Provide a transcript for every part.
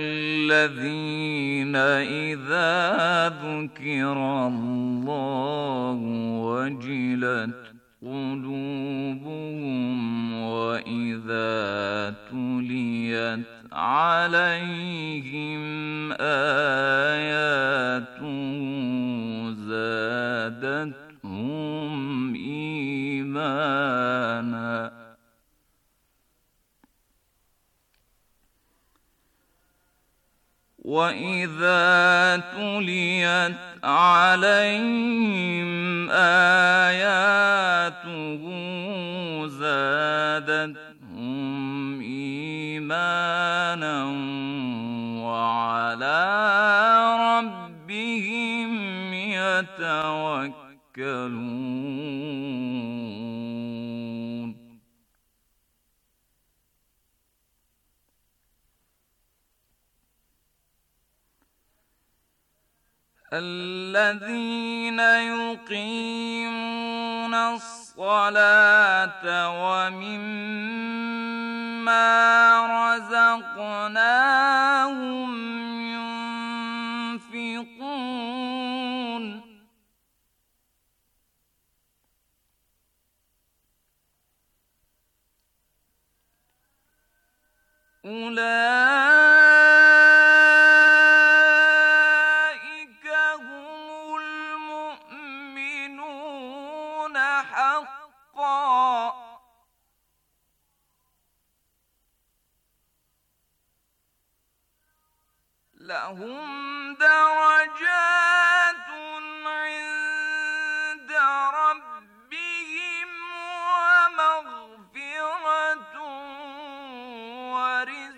الذين إذا ذكر الله وجلت قلوبهم وإذا تليت What is?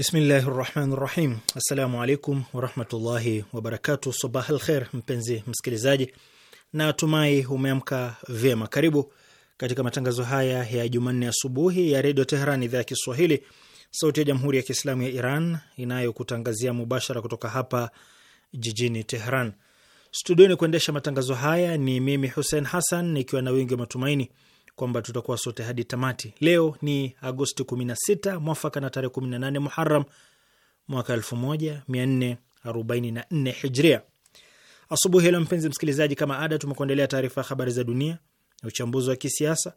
Bismillahi rahmani rahim. Assalamu alaikum warahmatullahi wabarakatu. Sabah alkher, mpenzi msikilizaji, na tumai umeamka vyema. Karibu katika matangazo haya ya Jumanne asubuhi ya redio Tehran, idhaa ya Kiswahili, sauti ya jamhuri ya kiislamu ya Iran inayokutangazia mubashara kutoka hapa jijini Tehran. Studioni kuendesha matangazo haya ni mimi Hussein Hassan, nikiwa na wingi wa matumaini kwamba tutakuwa sote hadi tamati. Leo ni Agosti 16 mwafaka na tarehe 18 Muharam mwaka 1444 Hijria. Asubuhi leo, mpenzi msikilizaji, kama ada, tumekuendelea taarifa ya habari za dunia, uchambuzi wa kisiasa,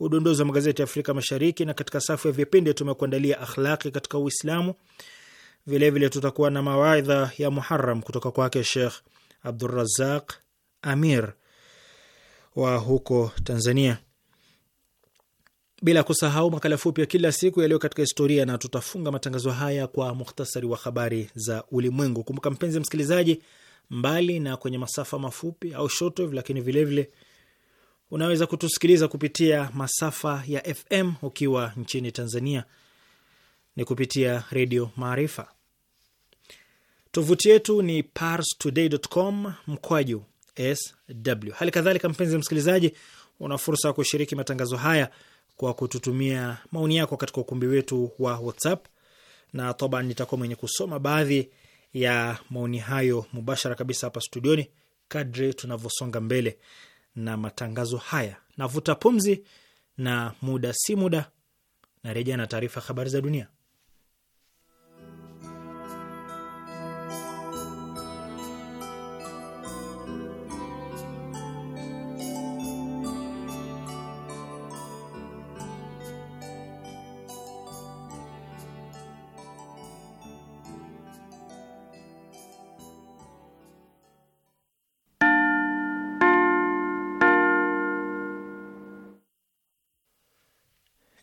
udondozi wa magazeti ya Afrika Mashariki, na katika safu ya vipindi tumekuandalia akhlaqi katika Uislamu. Vilevile tutakuwa na mawaidha ya Muharam kutoka kwake Shekh Abdurazaq Amir wa huko Tanzania bila kusahau makala fupi ya kila siku yaliyo katika historia, na tutafunga matangazo haya kwa muhtasari wa habari za ulimwengu. Kumbuka mpenzi msikilizaji, mbali na kwenye masafa mafupi au shortwave, lakini vilevile unaweza kutusikiliza kupitia masafa ya FM ukiwa nchini Tanzania ni kupitia Redio Maarifa. Tovuti yetu ni parstoday.com mkwaju sw. Hali kadhalika, mpenzi msikilizaji, una fursa ya kushiriki matangazo haya kwa kututumia maoni yako katika ukumbi wetu wa WhatsApp na toba, nitakuwa mwenye kusoma baadhi ya maoni hayo mubashara kabisa hapa studioni kadri tunavyosonga mbele na matangazo haya. Navuta pumzi, na muda si muda narejea na taarifa habari za dunia.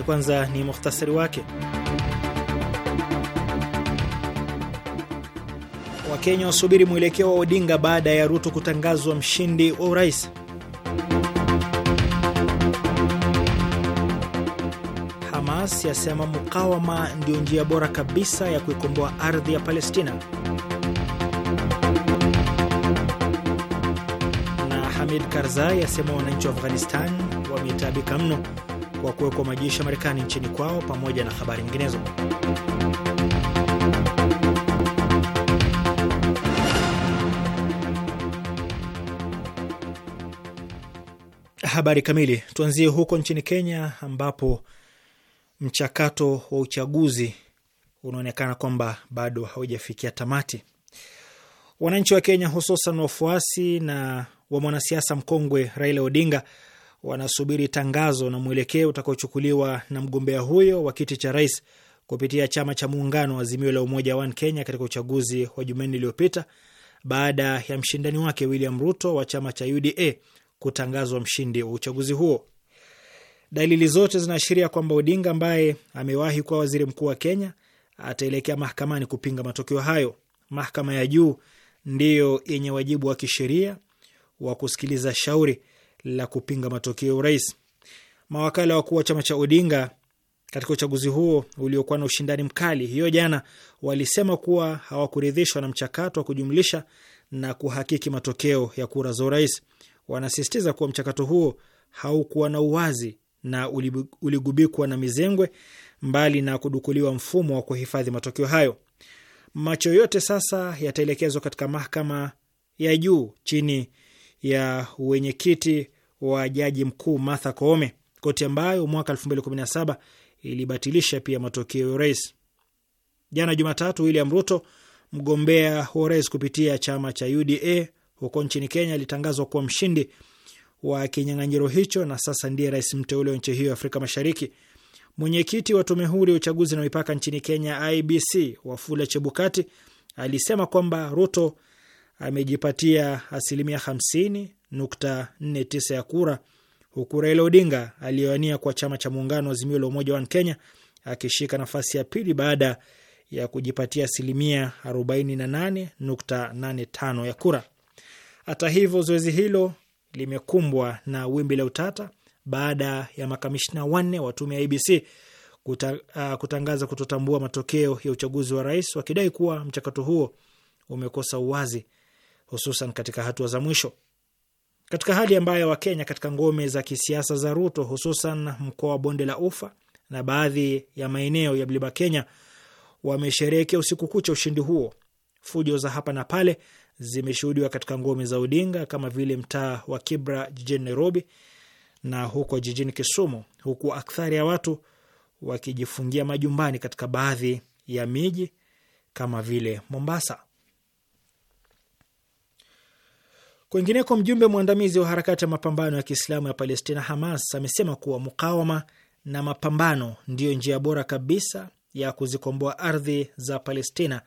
lakini kwanza ni muhtasari wake. Wakenya wasubiri mwelekeo wa Odinga baada ya Ruto kutangazwa mshindi wa urais. Hamas yasema mukawama ndio njia bora kabisa ya kuikomboa ardhi ya Palestina. Na Hamid Karzai asema wananchi wa Afghanistan wametaabika mno wa kuwekwa majeshi ya Marekani nchini kwao pamoja na habari nyinginezo. Habari kamili. Tuanzie huko nchini Kenya ambapo mchakato wa uchaguzi unaonekana kwamba bado haujafikia tamati. Wananchi wa Kenya hususan wafuasi na wa mwanasiasa mkongwe Raila Odinga wanasubiri tangazo na mwelekeo utakaochukuliwa na mgombea huyo wa kiti cha rais kupitia chama cha muungano wa Azimio la Umoja One Kenya katika uchaguzi wa Jumanne iliyopita baada ya mshindani wake William Ruto wa chama cha UDA kutangazwa mshindi wa uchaguzi huo. Dalili zote zinaashiria kwamba Odinga ambaye amewahi kuwa waziri mkuu wa Kenya ataelekea mahakamani kupinga matokeo hayo. Mahakama ya juu ndiyo yenye wajibu wa kisheria wa kusikiliza shauri la kupinga matokeo ya urais. Mawakala wakuu wa chama cha Odinga katika uchaguzi huo uliokuwa na ushindani mkali hiyo jana walisema kuwa hawakuridhishwa na mchakato wa kujumlisha na kuhakiki matokeo ya kura za urais. Wanasisitiza kuwa mchakato huo haukuwa na uwazi na uligubikwa na mizengwe, mbali na kudukuliwa mfumo wa kuhifadhi matokeo hayo. Macho yote sasa yataelekezwa katika mahakama ya juu chini ya wenyekiti wa jaji mkuu Martha Koome, koti ambayo mwaka 2017 ilibatilisha pia matokeo ya urais. Jana Jumatatu, William Ruto, mgombea wa urais kupitia chama cha UDA huko nchini Kenya, alitangazwa kuwa mshindi wa kinyang'anyiro hicho na sasa ndiye rais mteule wa nchi hiyo ya Afrika Mashariki. Mwenyekiti wa tume huru ya uchaguzi na mipaka nchini Kenya, IBC, Wafula Chebukati, alisema kwamba Ruto amejipatia asilimia 50.49 ya kura, huku Raila Odinga aliyoania kwa chama cha muungano wa Azimio la Umoja wa Kenya akishika nafasi ya pili baada ya kujipatia asilimia 48.85 ya kura. Hata hivyo, zoezi hilo limekumbwa na wimbi la utata baada ya makamishna wanne wa tume ya ABC kuta, uh, kutangaza kutotambua matokeo ya uchaguzi wa rais wakidai kuwa mchakato huo umekosa uwazi hususan katika hatua za mwisho, katika hali ambayo Wakenya katika ngome za kisiasa za Ruto, hususan mkoa wa bonde la Ufa na baadhi ya maeneo ya mlima Kenya wamesherehekea usiku kucha ushindi huo. Fujo za hapa na pale zimeshuhudiwa katika ngome za Odinga kama vile mtaa wa Kibra jijini Nairobi na huko jijini Kisumu, huku akthari ya watu wakijifungia majumbani katika baadhi ya miji kama vile Mombasa. Kwingineko, mjumbe mwandamizi wa harakati ya mapambano ya Kiislamu ya Palestina, Hamas, amesema kuwa mukawama na mapambano ndiyo njia bora kabisa ya kuzikomboa ardhi za Palestina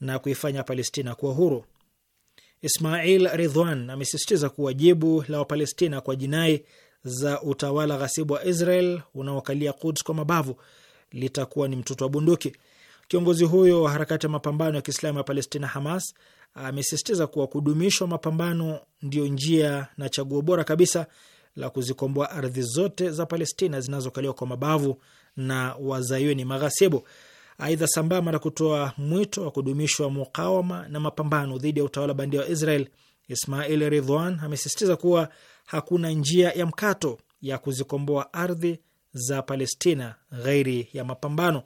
na kuifanya Palestina kuwa huru. Ismail Ridwan amesisitiza kuwa jibu la Wapalestina kwa jinai za utawala ghasibu wa Israel unaokalia Quds kwa mabavu litakuwa ni mtoto wa bunduki. Kiongozi huyo wa harakati ya mapambano ya Kiislamu ya Palestina, Hamas, amesisitiza kuwa kudumishwa mapambano ndio njia na chaguo bora kabisa la kuzikomboa ardhi zote za Palestina zinazokaliwa kwa mabavu na wazayuni maghasibu. Aidha, sambamba na kutoa mwito wa kudumishwa mukawama na mapambano dhidi ya utawala bandia wa Israel, Ismail Ridwan amesisitiza kuwa hakuna njia ya mkato ya kuzikomboa ardhi za Palestina ghairi ya mapambano.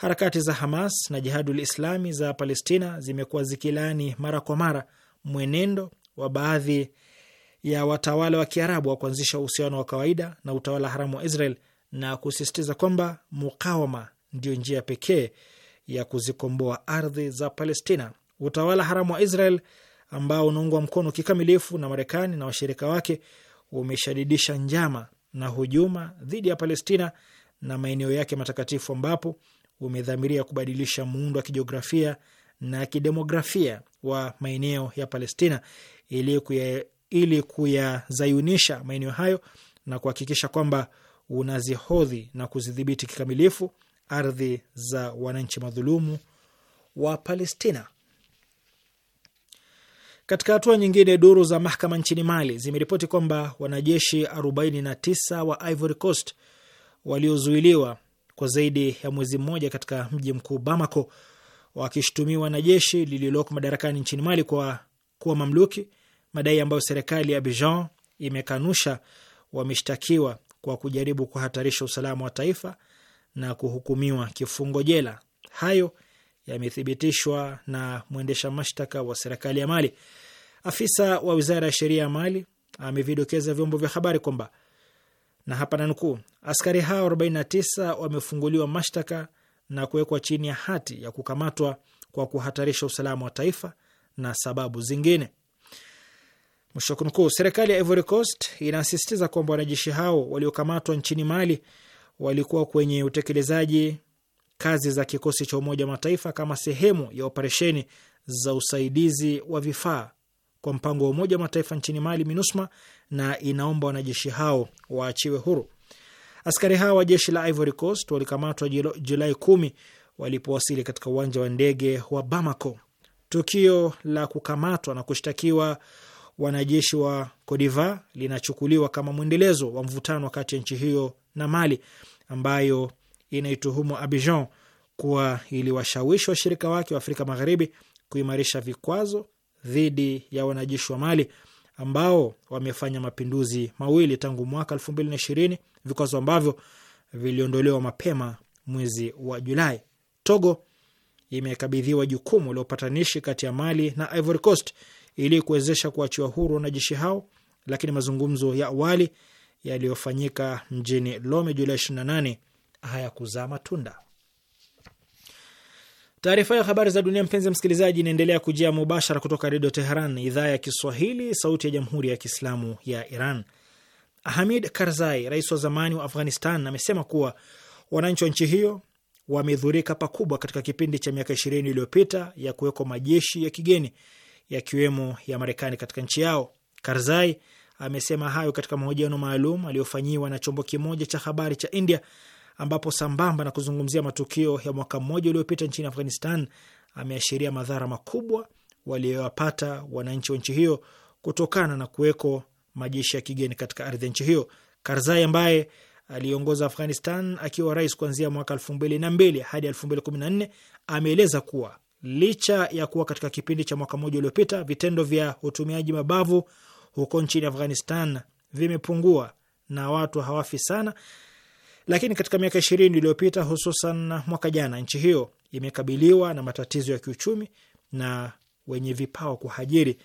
Harakati za Hamas na Jihadul Islami za Palestina zimekuwa zikilaani mara kwa mara mwenendo wa baadhi ya watawala wa Kiarabu wa kuanzisha uhusiano wa kawaida na utawala haramu wa Israel na kusisitiza kwamba mukawama ndio njia pekee ya kuzikomboa ardhi za Palestina. Utawala haramu wa Israel ambao unaungwa mkono kikamilifu na Marekani na washirika wake umeshadidisha njama na hujuma dhidi ya Palestina na maeneo yake matakatifu ambapo umedhamiria kubadilisha muundo wa kijiografia na kidemografia wa maeneo ya Palestina ili kuya ili kuyazayunisha maeneo hayo na kuhakikisha kwamba unazihodhi na kuzidhibiti kikamilifu ardhi za wananchi madhulumu wa Palestina. Katika hatua nyingine, duru za mahakama nchini Mali zimeripoti kwamba wanajeshi 49 wa Ivory Coast waliozuiliwa kwa zaidi ya mwezi mmoja katika mji mkuu Bamako, wakishutumiwa na jeshi lililoko madarakani nchini Mali kwa kuwa mamluki, madai ambayo serikali ya Abidjan imekanusha. Wameshtakiwa kwa kujaribu kuhatarisha usalama wa taifa na kuhukumiwa kifungo jela. Hayo yamethibitishwa na mwendesha mashtaka wa serikali ya Mali. Afisa wa wizara ya sheria ya Mali amevidokeza vyombo vya habari kwamba na hapa na nukuu, askari hao 49 wamefunguliwa mashtaka na kuwekwa chini ya hati ya kukamatwa kwa kuhatarisha usalama wa taifa na sababu zingine, mwisho kunukuu. Serikali ya Ivory Coast inasisitiza kwamba wanajeshi hao waliokamatwa nchini Mali walikuwa kwenye utekelezaji kazi za kikosi cha Umoja wa Mataifa kama sehemu ya operesheni za usaidizi wa vifaa kwa mpango wa Umoja wa Mataifa nchini Mali, MINUSMA, na inaomba wanajeshi hao waachiwe huru. Askari hao wa jeshi la Ivory Coast walikamatwa Julai kumi walipowasili katika uwanja wa ndege wa Bamako. Tukio la kukamatwa na kushtakiwa wanajeshi wa Codiva linachukuliwa kama mwendelezo wa mvutano kati ya nchi hiyo na Mali ambayo inaituhumu Abidjan kuwa iliwashawishi washirika wake wa Afrika Magharibi kuimarisha vikwazo dhidi ya wanajeshi wa Mali ambao wamefanya mapinduzi mawili tangu mwaka elfu mbili na ishirini, vikwazo ambavyo viliondolewa mapema mwezi wa Julai. Togo imekabidhiwa jukumu la upatanishi kati ya Mali na Ivory Coast ili kuwezesha kuachiwa huru wanajeshi hao, lakini mazungumzo ya awali yaliyofanyika mjini Lome Julai 28 hayakuzaa matunda. Taarifa ya habari za dunia, mpenzi msikilizaji, inaendelea kujia mubashara kutoka Redio Teheran, idhaa ya Kiswahili, sauti ya jamhuri ya kiislamu ya Iran. Hamid Karzai, rais wa zamani wa Afghanistan, amesema kuwa wananchi wa nchi hiyo wamedhurika pakubwa katika kipindi cha miaka ishirini iliyopita ya kuwekwa majeshi ya kigeni yakiwemo ya Marekani katika nchi yao. Karzai amesema hayo katika mahojiano maalum aliyofanyiwa na chombo kimoja cha habari cha India ambapo sambamba na kuzungumzia matukio ya mwaka mmoja uliopita nchini Afghanistan, ameashiria madhara makubwa waliyoyapata wananchi wa nchi hiyo kutokana na kuweko majeshi ya kigeni katika ardhi ya nchi hiyo. Karzai ambaye aliongoza Afghanistan akiwa rais kuanzia mwaka elfu mbili na mbili hadi elfu mbili kumi na nne ameeleza kuwa licha ya kuwa katika kipindi cha mwaka mmoja uliopita vitendo vya utumiaji mabavu huko nchini Afghanistan vimepungua na watu hawafi sana, lakini katika miaka ishirini iliyopita, hususan mwaka jana, nchi hiyo imekabiliwa na matatizo ya kiuchumi na wenye vipawa kuhajiri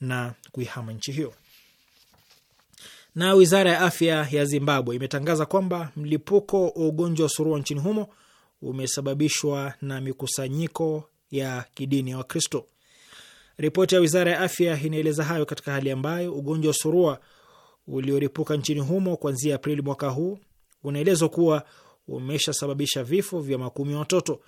na kuihama nchi hiyo. Na wizara ya afya ya Zimbabwe imetangaza kwamba mlipuko wa ugonjwa wa surua nchini humo umesababishwa na mikusanyiko ya kidini ya wa Wakristo. Ripoti ya wizara ya afya inaeleza hayo katika hali ambayo ugonjwa wa surua ulioripuka nchini humo kuanzia Aprili mwaka huu unaelezwa kuwa umeshasababisha vifo vya makumi ya watoto.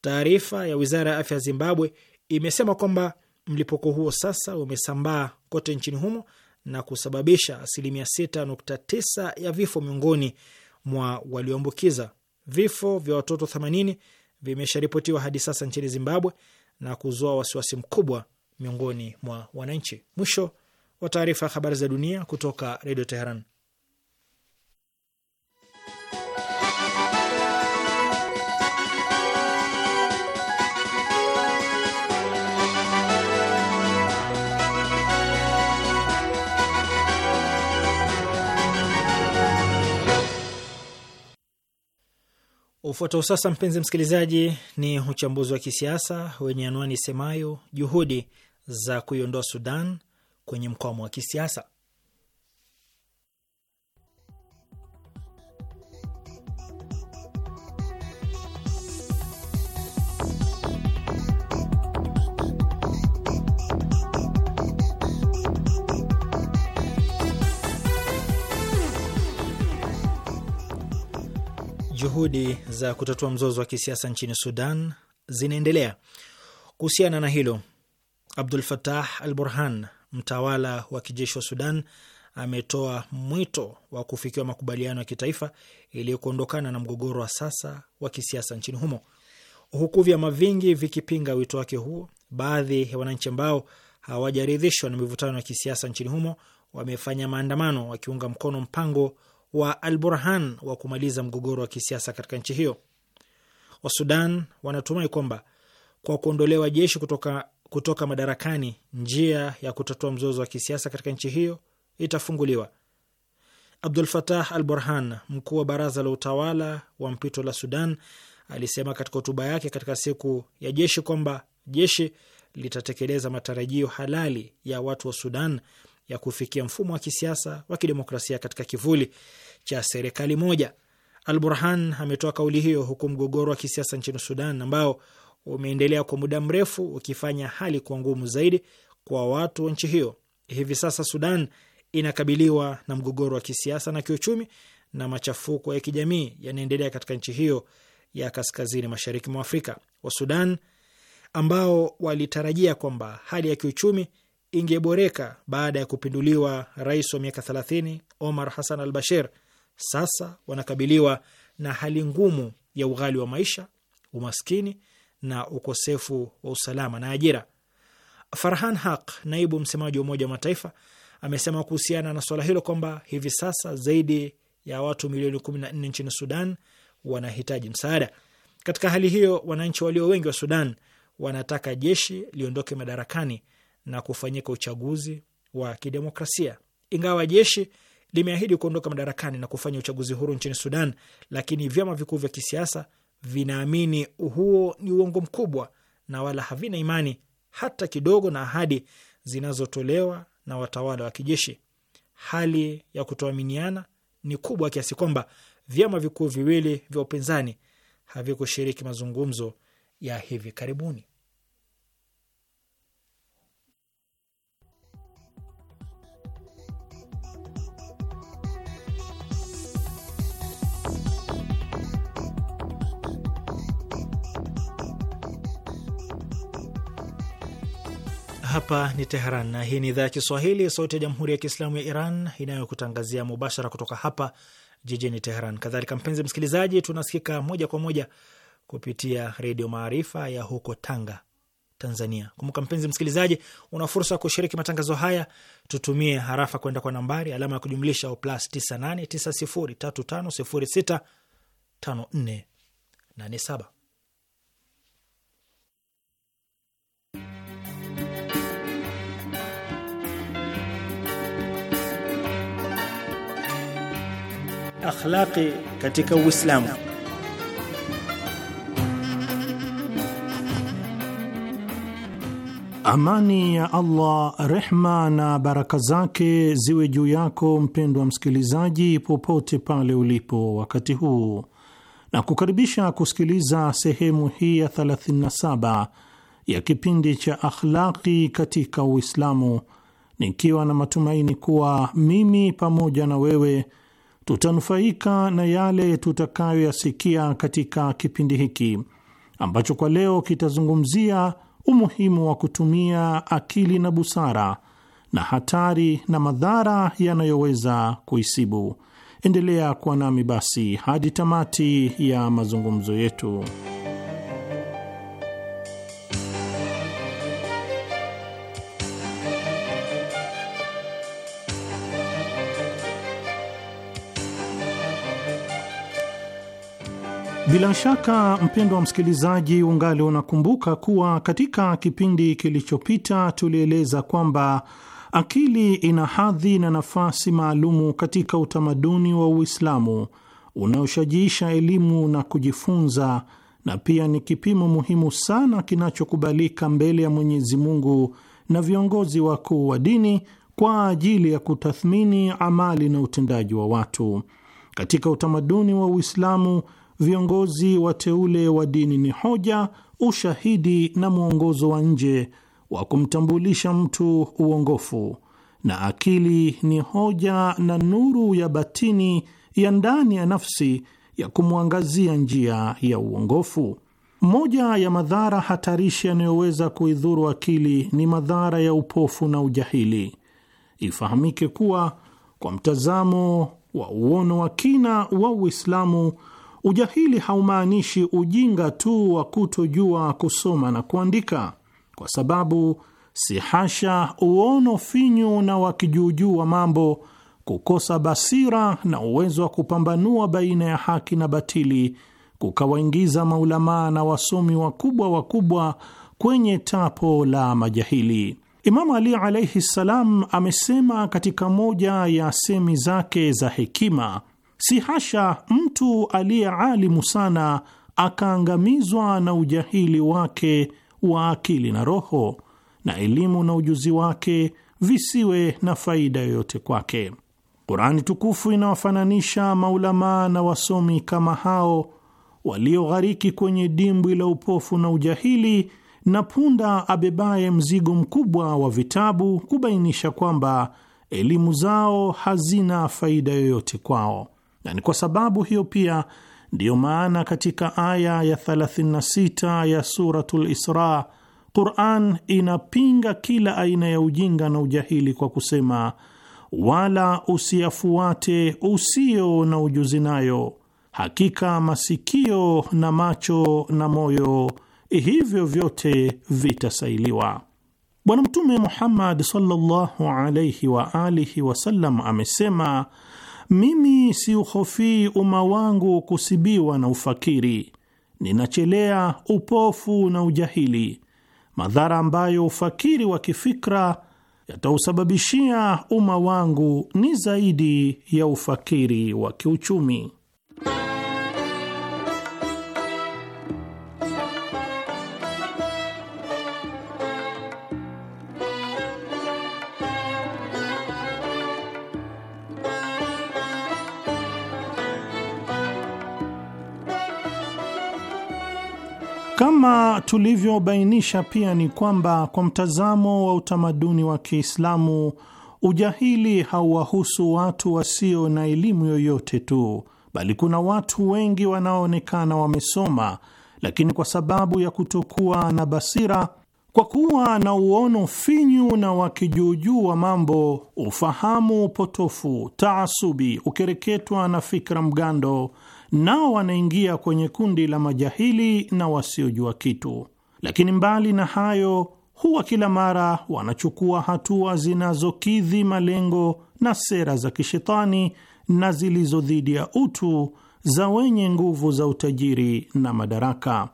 Taarifa ya wizara ya afya ya Zimbabwe imesema kwamba mlipuko huo sasa umesambaa kote nchini humo na kusababisha asilimia 6.9 ya vifo miongoni mwa walioambukiza. Vifo vya watoto 80 vimesharipotiwa hadi sasa nchini Zimbabwe na kuzua wasiwasi mkubwa miongoni mwa wananchi. Mwisho wa taarifa ya habari za dunia kutoka Redio Teheran. Ufuatao sasa, mpenzi msikilizaji, ni uchambuzi wa kisiasa wenye anwani semayo juhudi za kuiondoa Sudan kwenye mkwamo wa kisiasa. Juhudi za kutatua mzozo wa kisiasa nchini Sudan zinaendelea. Kuhusiana na hilo, Abdul Fatah Al Burhan, mtawala wa kijeshi wa Sudan, ametoa mwito wa kufikiwa makubaliano ya kitaifa ili kuondokana na mgogoro wa sasa wa kisiasa nchini humo. Huku vyama vingi vikipinga wito wake huo, baadhi ya wananchi ambao hawajaridhishwa na mivutano ya kisiasa nchini humo wamefanya maandamano wakiunga mkono mpango wa Al Burhan wa kumaliza mgogoro wa kisiasa katika nchi hiyo. Wasudan wanatumai kwamba kwa kuondolewa jeshi kutoka, kutoka madarakani njia ya kutatua mzozo wa kisiasa katika nchi hiyo itafunguliwa. Abdul Fatah Al Burhan, mkuu wa baraza la utawala wa mpito la Sudan, alisema katika hotuba yake katika siku ya jeshi kwamba jeshi litatekeleza matarajio halali ya watu wa Sudan ya kufikia mfumo wa kisiasa wa kidemokrasia katika kivuli cha serikali moja. Al Burhan ametoa kauli hiyo huku mgogoro wa kisiasa nchini Sudan ambao umeendelea kwa muda mrefu ukifanya hali kuwa ngumu zaidi kwa watu wa nchi hiyo. Hivi sasa Sudan inakabiliwa na mgogoro wa kisiasa na kiuchumi, na machafuko ya kijamii yanaendelea katika nchi hiyo ya kaskazini mashariki mwa Afrika. Wa Sudan ambao walitarajia kwamba hali ya kiuchumi ingeboreka baada ya kupinduliwa rais wa miaka 30 Omar Hassan al Bashir, sasa wanakabiliwa na hali ngumu ya ughali wa maisha, umaskini na ukosefu wa usalama na ajira. Farhan Haq, naibu msemaji wa Umoja wa Mataifa, amesema kuhusiana na swala hilo kwamba hivi sasa zaidi ya watu milioni 14 nchini Sudan wanahitaji msaada. Katika hali hiyo, wananchi walio wengi wa Sudan wanataka jeshi liondoke madarakani na kufanyika uchaguzi wa kidemokrasia. Ingawa jeshi limeahidi kuondoka madarakani na kufanya uchaguzi huru nchini Sudan, lakini vyama vikuu vya kisiasa vinaamini huo ni uongo mkubwa na wala havina imani hata kidogo na ahadi zinazotolewa na watawala wa kijeshi. Hali ya kutoaminiana ni kubwa kiasi kwamba vyama vikuu viwili vya upinzani havikushiriki mazungumzo ya hivi karibuni. Hapa ni Teheran na hii ni idhaa ya Kiswahili, sauti ya jamhuri ya kiislamu ya Iran inayokutangazia mubashara kutoka hapa jijini Teheran. Kadhalika mpenzi msikilizaji, tunasikika moja kwa moja kupitia Redio Maarifa ya huko Tanga, Tanzania. Kumbuka mpenzi msikilizaji, una fursa ya kushiriki matangazo haya, tutumie harafa kwenda kwa nambari alama ya kujumlisha plus 989035065487. akhlaqi katika Uislamu. Amani ya Allah, rehma na baraka zake ziwe juu yako mpendwa msikilizaji, popote pale ulipo wakati huu, na kukaribisha kusikiliza sehemu hii ya 37 ya kipindi cha akhlaqi katika Uislamu, nikiwa na matumaini kuwa mimi pamoja na wewe tutanufaika na yale tutakayoyasikia katika kipindi hiki ambacho kwa leo kitazungumzia umuhimu wa kutumia akili na busara na hatari na madhara yanayoweza kuisibu. Endelea kuwa nami basi hadi tamati ya mazungumzo yetu. Bila shaka mpendo wa msikilizaji, ungali unakumbuka kuwa katika kipindi kilichopita tulieleza kwamba akili ina hadhi na nafasi maalumu katika utamaduni wa Uislamu unaoshajiisha elimu na kujifunza, na pia ni kipimo muhimu sana kinachokubalika mbele ya Mwenyezi Mungu na viongozi wakuu wa dini kwa ajili ya kutathmini amali na utendaji wa watu katika utamaduni wa Uislamu viongozi wateule wa dini ni hoja, ushahidi na mwongozo wa nje wa kumtambulisha mtu uongofu, na akili ni hoja na nuru ya batini ya ndani ya nafsi ya kumwangazia njia ya uongofu. Moja ya madhara hatarishi yanayoweza kuidhuru akili ni madhara ya upofu na ujahili. Ifahamike kuwa kwa mtazamo wa uono wa kina wa Uislamu Ujahili haumaanishi ujinga tu wa kutojua kusoma na kuandika, kwa sababu si hasha uono finyu na wakijuujuu wa mambo, kukosa basira na uwezo wa kupambanua baina ya haki na batili kukawaingiza maulamaa na wasomi wakubwa wakubwa kwenye tapo la majahili. Imamu Ali alaihi ssalam amesema katika moja ya semi zake za hekima Si hasha mtu aliye alimu sana akaangamizwa na ujahili wake wa akili na roho, na elimu na ujuzi wake visiwe na faida yoyote kwake. Kurani tukufu inawafananisha maulamaa na wasomi kama hao walioghariki kwenye dimbwi la upofu na ujahili na punda abebaye mzigo mkubwa wa vitabu kubainisha kwamba elimu zao hazina faida yoyote kwao na ni kwa sababu hiyo pia ndiyo maana katika aya ya 36 ya Suratul Isra Quran inapinga kila aina ya ujinga na ujahili kwa kusema, wala usiyafuate usio na ujuzi nayo, hakika masikio na macho na moyo hivyo vyote vitasailiwa. Bwana Mtume Muhammad sallallahu alayhi wa alihi wasallam amesema mimi siuhofii umma wangu kusibiwa na ufakiri, ninachelea upofu na ujahili, madhara ambayo ufakiri wa kifikra yatausababishia umma wangu ni zaidi ya ufakiri wa kiuchumi. tulivyobainisha pia ni kwamba kwa mtazamo wa utamaduni wa Kiislamu, ujahili hauwahusu watu wasio na elimu yoyote tu, bali kuna watu wengi wanaoonekana wamesoma, lakini kwa sababu ya kutokuwa na basira, kwa kuwa na uono finyu na wakijuujuu wa mambo, ufahamu potofu, taasubi, ukereketwa na fikra mgando nao wanaingia kwenye kundi la majahili na wasiojua kitu. Lakini mbali na hayo, huwa kila mara wanachukua hatua zinazokidhi malengo na sera za kishetani na zilizo dhidi ya utu za wenye nguvu za utajiri na madaraka.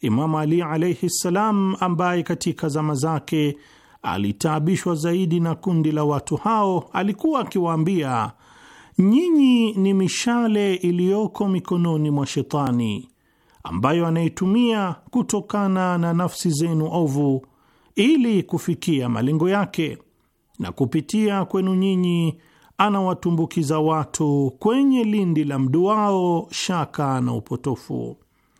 Imamu Ali alaihi ssalam, ambaye katika zama zake alitaabishwa zaidi na kundi la watu hao, alikuwa akiwaambia nyinyi ni mishale iliyoko mikononi mwa Shetani ambayo anaitumia kutokana na nafsi zenu ovu ili kufikia malengo yake, na kupitia kwenu nyinyi anawatumbukiza watu kwenye lindi la mduao shaka na upotofu.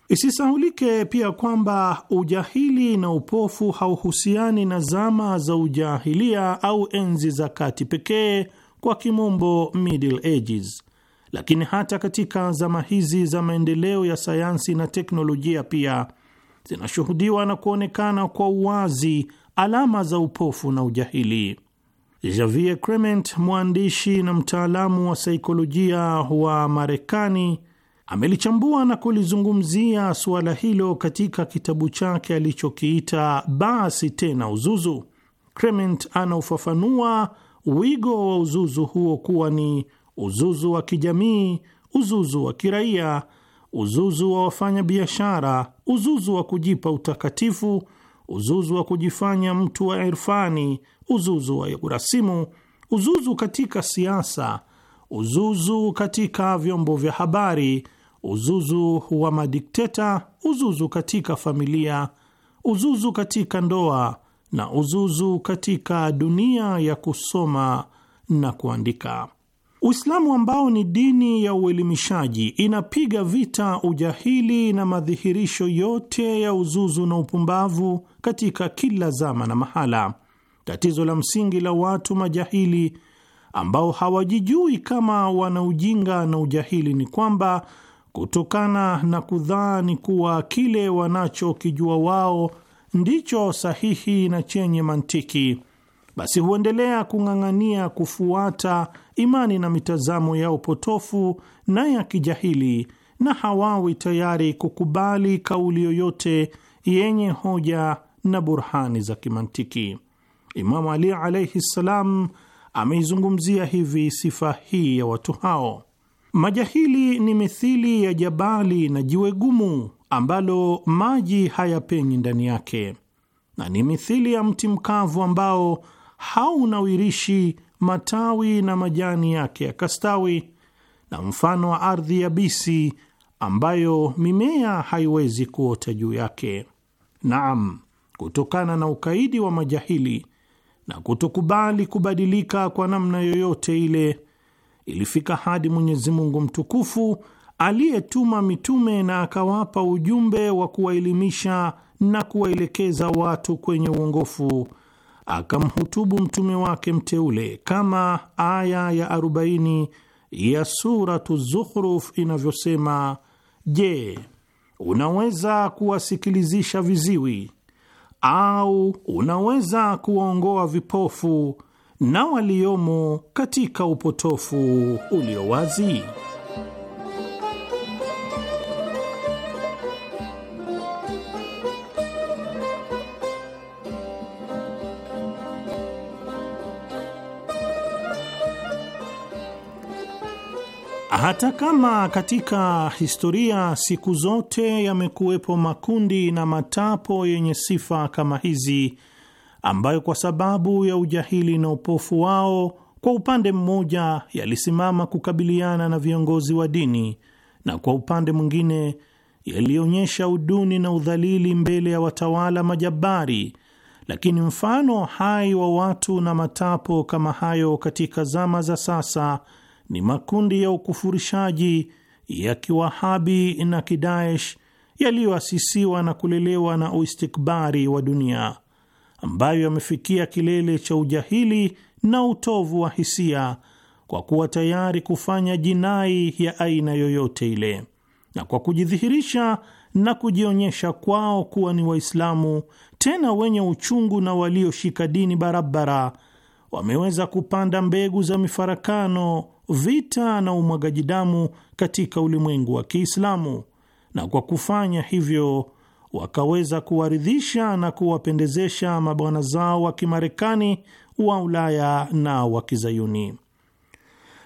Isisahulike pia kwamba ujahili na upofu hauhusiani na zama za ujahilia au enzi za kati pekee kwa kimombo Middle Ages. Lakini hata katika zama hizi za maendeleo ya sayansi na teknolojia pia zinashuhudiwa na kuonekana kwa uwazi alama za upofu na ujahili. Javier Crement, mwandishi na mtaalamu wa saikolojia wa Marekani, amelichambua na kulizungumzia suala hilo katika kitabu chake alichokiita Basi Tena Uzuzu. Crement anaufafanua wigo wa uzuzu huo kuwa ni uzuzu wa kijamii, uzuzu wa kiraia, uzuzu wa wafanyabiashara, uzuzu wa kujipa utakatifu, uzuzu wa kujifanya mtu wa irfani, uzuzu wa urasimu, uzuzu katika siasa, uzuzu katika vyombo vya habari, uzuzu wa madikteta, uzuzu katika familia, uzuzu katika ndoa na uzuzu katika dunia ya kusoma na kuandika. Uislamu ambao ni dini ya uelimishaji inapiga vita ujahili na madhihirisho yote ya uzuzu na upumbavu katika kila zama na mahala. Tatizo la msingi la watu majahili ambao hawajijui kama wana ujinga na ujahili ni kwamba kutokana na kudhani kuwa kile wanachokijua wao ndicho sahihi na chenye mantiki, basi huendelea kung'ang'ania kufuata imani na mitazamo yao potofu na ya kijahili, na hawawi tayari kukubali kauli yoyote yenye hoja na burhani za kimantiki. Imamu Ali alaihi ssalam ameizungumzia hivi sifa hii ya watu hao. Majahili ni mithili ya jabali na jiwe gumu ambalo maji hayapenyi ndani yake, na ni mithili ya mti mkavu ambao haunawirishi matawi na majani yake yakastawi, na mfano wa ardhi yabisi ambayo mimea haiwezi kuota juu yake. Naam, kutokana na ukaidi wa majahili na kutokubali kubadilika kwa namna yoyote ile, ilifika hadi Mwenyezi Mungu mtukufu aliyetuma mitume na akawapa ujumbe wa kuwaelimisha na kuwaelekeza watu kwenye uongofu, akamhutubu mtume wake mteule kama aya ya 40 ya Suratu Zukhruf inavyosema: Je, unaweza kuwasikilizisha viziwi au unaweza kuwaongoa vipofu na waliomo katika upotofu ulio wazi? Hata kama katika historia siku zote yamekuwepo makundi na matapo yenye sifa kama hizi, ambayo kwa sababu ya ujahili na upofu wao, kwa upande mmoja yalisimama kukabiliana na viongozi wa dini, na kwa upande mwingine yalionyesha uduni na udhalili mbele ya watawala majabari. Lakini mfano hai wa watu na matapo kama hayo katika zama za sasa ni makundi ya ukufurishaji ya kiwahabi na kidaesh yaliyoasisiwa na kulelewa na uistikbari wa dunia ambayo yamefikia kilele cha ujahili na utovu wa hisia kwa kuwa tayari kufanya jinai ya aina yoyote ile, na kwa kujidhihirisha na kujionyesha kwao kuwa ni Waislamu tena wenye uchungu na walioshika dini barabara, wameweza kupanda mbegu za mifarakano vita na umwagaji damu katika ulimwengu wa Kiislamu, na kwa kufanya hivyo wakaweza kuwaridhisha na kuwapendezesha mabwana zao wa Kimarekani, wa Ulaya na wa Kizayuni.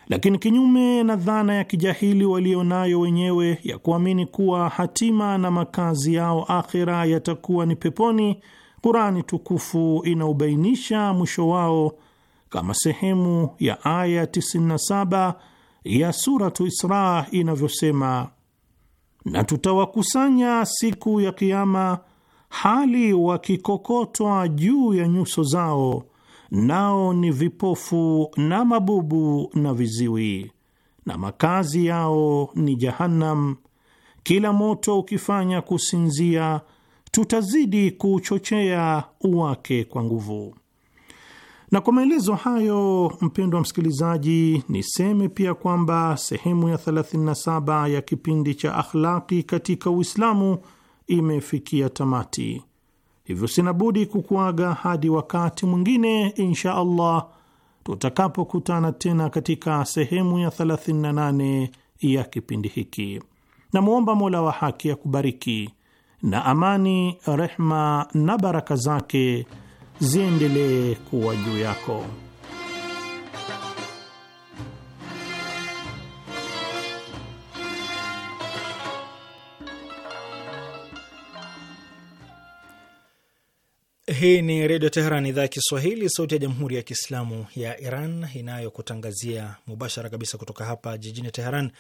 Lakini kinyume na dhana ya kijahili nayo wenyewe ya kuamini kuwa hatima na makazi yao akhira yatakuwa ni peponi, Kurani tukufu inaubainisha mwisho wao kama sehemu ya aya 97 ya Suratu Isra inavyosema, na tutawakusanya siku ya Kiama hali wakikokotwa juu ya nyuso zao, nao ni vipofu na mabubu na viziwi, na makazi yao ni Jahannam. Kila moto ukifanya kusinzia, tutazidi kuuchochea uwake kwa nguvu. Na kwa maelezo hayo, mpendwa msikilizaji, niseme pia kwamba sehemu ya 37 ya kipindi cha Akhlaqi katika Uislamu imefikia tamati, hivyo sina budi kukuaga hadi wakati mwingine insha Allah tutakapokutana tena katika sehemu ya 38 ya kipindi hiki. Namwomba Mola wa haki akubariki na amani, rehma na baraka zake ziendelee kuwa juu yako. Hii ni Redio Teheran, idhaa ya Kiswahili, sauti ya Jamhuri ya Kiislamu ya Iran inayokutangazia mubashara kabisa kutoka hapa jijini Teheran.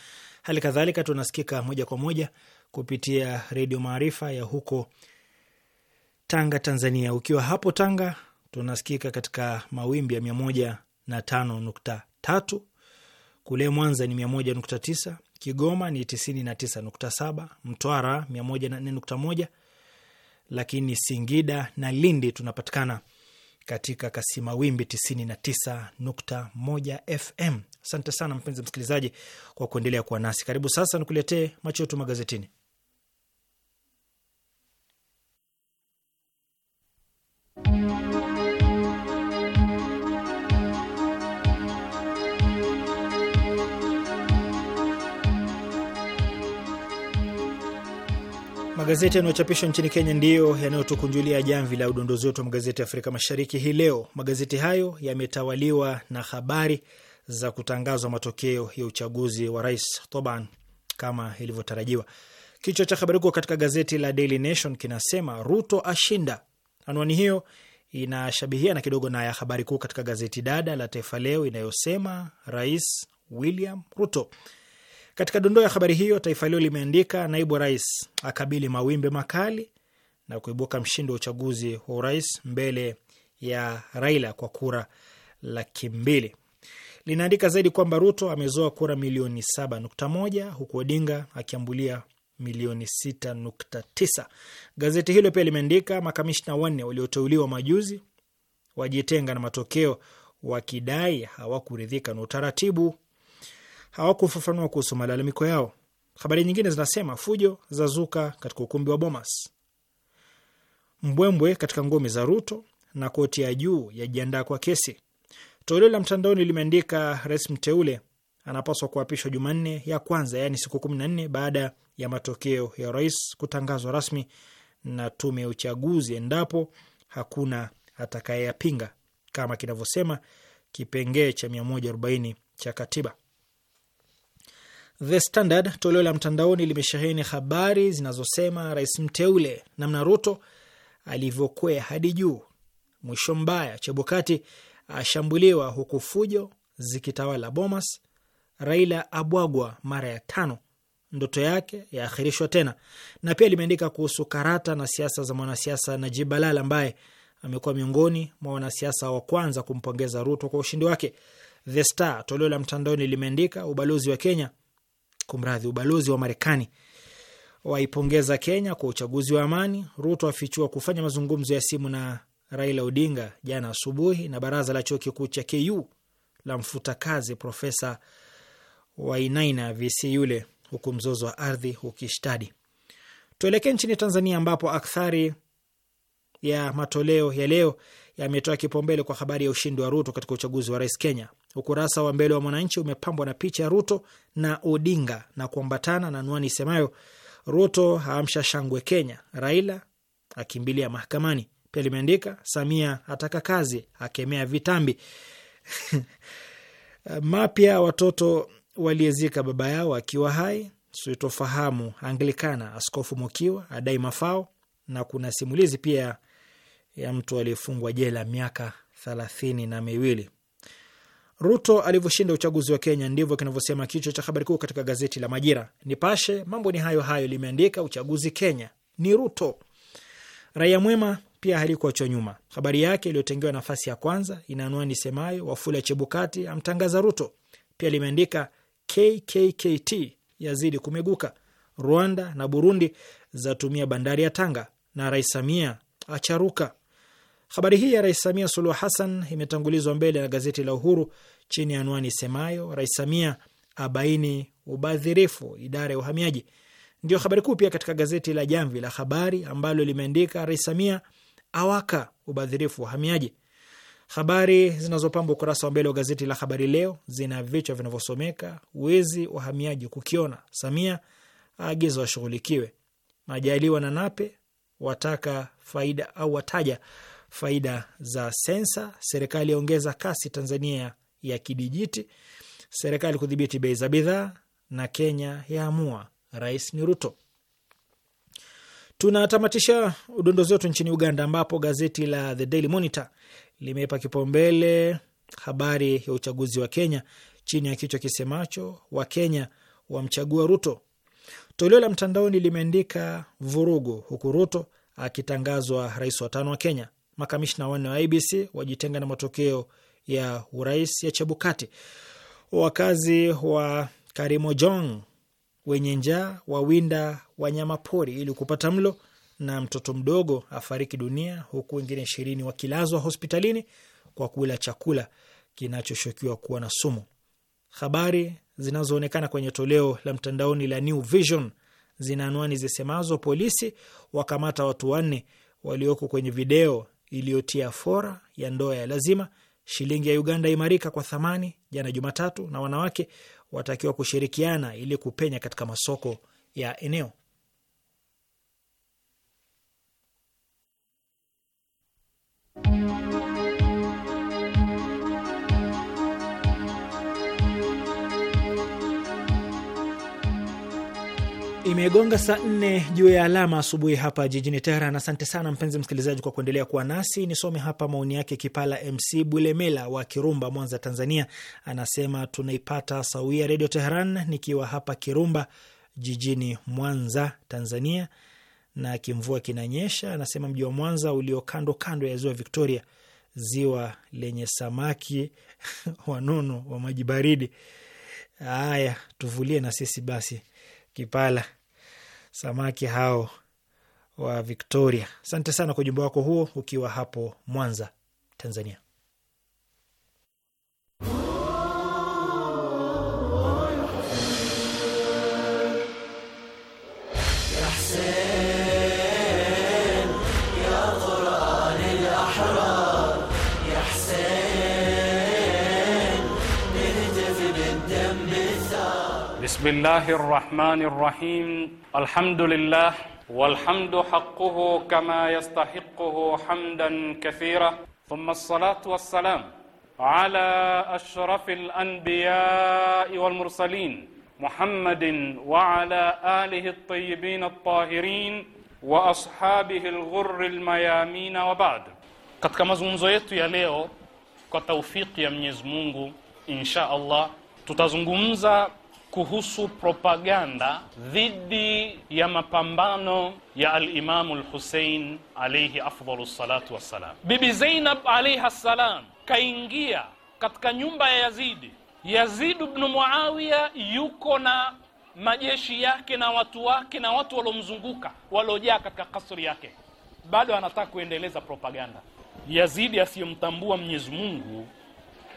Hali kadhalika tunasikika moja kwa moja kupitia Redio Maarifa ya huko Tanga, Tanzania. Ukiwa hapo Tanga, tunasikika katika mawimbi ya mia moja na tano nukta tatu. Kule Mwanza ni mia moja nukta tisa, Kigoma ni tisini na tisa nukta saba, Mtwara mia moja na nne nukta moja, lakini Singida na Lindi tunapatikana katika kasima wimbi 99.1 FM. Asante sana mpenzi msikilizaji kwa kuendelea kuwa nasi. Karibu sasa nikuletee macho yetu magazetini. Magazeti yanayochapishwa nchini Kenya ndiyo yanayotukunjulia jamvi la udondozi wetu wa magazeti ya Afrika Mashariki hii leo. Magazeti hayo yametawaliwa na habari za kutangazwa matokeo ya uchaguzi wa rais toban kama ilivyotarajiwa. Kichwa cha habari kuu katika gazeti la Daily Nation kinasema Ruto ashinda. Anwani hiyo inashabihiana kidogo na ya habari kuu katika gazeti dada la Taifa Leo inayosema Rais William Ruto katika dondoo ya habari hiyo, Taifa Leo limeandika naibu rais akabili mawimbi makali na kuibuka mshindi wa uchaguzi wa urais mbele ya Raila kwa kura laki mbili. Linaandika zaidi kwamba Ruto amezoa kura milioni moja huku Odinga akiambulia milioni 6.9. Gazeti hilo pia limeandika makamishna wanne walioteuliwa majuzi wajitenga na matokeo wakidai hawakuridhika na utaratibu hawakufafanua kuhusu malalamiko yao. Habari nyingine zinasema fujo za zuka katika ukumbi wa Bomas, mbwembwe katika ngome za Ruto na koti ya juu yajiandaa kwa kesi. Toleo la mtandaoni limeandika rais mteule anapaswa kuapishwa Jumanne ya kwanza, yaani siku kumi na nne baada ya matokeo ya rais kutangazwa rasmi na tume ya uchaguzi, endapo hakuna atakayeyapinga, kama kinavyosema kipengee cha mia moja arobaini cha katiba. The Standard toleo la mtandaoni limesheheni habari zinazosema rais mteule namna Ruto alivyokwea hadi juu, mwisho mbaya, Chebukati ashambuliwa huku fujo zikitawala Bomas, Raila abwagwa mara ya tano, ndoto yake yaakhirishwa tena. Na pia limeandika kuhusu karata na siasa za mwanasiasa Najib Balal ambaye amekuwa miongoni mwa wanasiasa wa kwanza kumpongeza Ruto kwa ushindi wake. The Star toleo la mtandaoni limeandika ubalozi wa Kenya kumradhi, ubalozi wa Marekani waipongeza Kenya kwa uchaguzi wa amani. Ruto afichua kufanya mazungumzo ya simu na Raila Odinga jana asubuhi. Na baraza la chuo kikuu cha KU la mfuta kazi Profesa Wainaina VC yule, huku mzozo wa ardhi ukishtadi. Tuelekee nchini Tanzania ambapo akthari ya matoleo ya leo yametoa kipaumbele kwa habari ya ushindi wa Ruto katika uchaguzi wa rais Kenya. Ukurasa wa mbele wa Mwananchi umepambwa na picha ya Ruto na Odinga na kuambatana na anwani isemayo Ruto haamsha shangwe Kenya, Raila akimbilia mahakamani. Pia limeandika Samia ataka kazi, akemea vitambi mapya watoto waliezika baba yao akiwa hai, sitofahamu Anglikana, Askofu Mokiwa adai mafao, na kuna simulizi pia ya mtu aliyefungwa jela miaka thelathini na miwili. Ruto alivyoshinda uchaguzi wa Kenya, ndivyo kinavyosema kichwa cha habari kuu katika gazeti la Majira. Nipashe mambo ni hayo hayo limeandika uchaguzi Kenya ni Ruto. Raia Mwema pia halikuachwa nyuma. Habari yake iliyotengewa nafasi ya kwanza ina anwani semayo Wafula Chebukati amtangaza Ruto. Pia limeandika KKKT yazidi kumeguka, Rwanda na Burundi zatumia bandari ya Tanga na Rais Samia acharuka. Habari hii ya Rais Samia Suluhu Hassan imetangulizwa mbele na gazeti la Uhuru chini ya anwani semayo, Rais Samia abaini ubadhirifu idara ya uhamiaji. Ndio habari kuu pia katika gazeti la Jamvi la Habari ambalo limeandika Rais Samia awaka ubadhirifu uhamiaji. Habari zinazopamba ukurasa wa mbele wa gazeti la Habari Leo zina vichwa vinavyosomeka wezi wahamiaji kukiona, Samia aagiza washughulikiwe, Majaliwa na Nape wataka faida au wataja faida za sensa, serikali yaongeza kasi Tanzania ya kidijiti, serikali kudhibiti bei za bidhaa na Kenya yaamua rais ni Ruto. Tunatamatisha udondozi wetu nchini Uganda, ambapo gazeti la The Daily Monitor limeipa kipaumbele habari ya uchaguzi wa Kenya chini ya kichwa kisemacho Wakenya wamchagua Ruto. Toleo la mtandaoni limeandika vurugu, huku Ruto akitangazwa rais wa tano wa Kenya makamishna wanne wa IBC wajitenga na matokeo ya urais ya Chebukati. Wakazi wa Karimojong wenye njaa wawinda wanyama pori ili kupata mlo, na mtoto mdogo afariki dunia huku wengine ishirini wakilazwa hospitalini kwa kula chakula kinachoshukiwa kuwa na sumu. Habari zinazoonekana kwenye toleo la mtandaoni la New Vision zina anwani zisemazo polisi wakamata watu wanne walioko kwenye video iliyotia fora ya ndoa ya lazima. Shilingi ya Uganda imarika kwa thamani jana Jumatatu, na wanawake watakiwa kushirikiana ili kupenya katika masoko ya eneo. Imegonga saa nne juu ya alama asubuhi hapa jijini Teheran. Asante sana mpenzi msikilizaji kwa kuendelea kuwa nasi. Nisome hapa maoni yake. Kipala MC Bulemela wa Kirumba, Mwanza, Tanzania, anasema tunaipata sawia Redio Teheran nikiwa hapa Kirumba jijini Mwanza, Tanzania, na kimvua kinanyesha. Anasema mji wa Mwanza ulio kando kando ya ziwa Victoria, ziwa lenye samaki wanono wa maji baridi. Haya, tuvulie na sisi basi Kipala samaki hao wa Victoria. Asante sana kwa ujumbe wako huo ukiwa hapo Mwanza, Tanzania. بسم الله الرحمن الرحيم الحمد لله والحمد حقه كما يستحقه حمدا كثيرا ثم الصلاة والسلام على أشرف الأنبياء والمرسلين محمد وعلى آله الطيبين الطاهرين وأصحابه الغر الميامين وبعد قد كما yetu يا ليو kwa taufiki ya mwenyezi mungu insha allah tutazungumza kuhusu propaganda dhidi ya mapambano ya alimamu lhusein alaihi afdalu salatu wassalam. Bibi Zainab alaihi ssalam kaingia katika nyumba ya Yazidi. Yazid bnu Muawiya yuko na majeshi yake na watu wake na watu waliomzunguka waliojaa katika kasri yake, bado anataka kuendeleza propaganda. Yazidi asiyemtambua Mwenyezi Mungu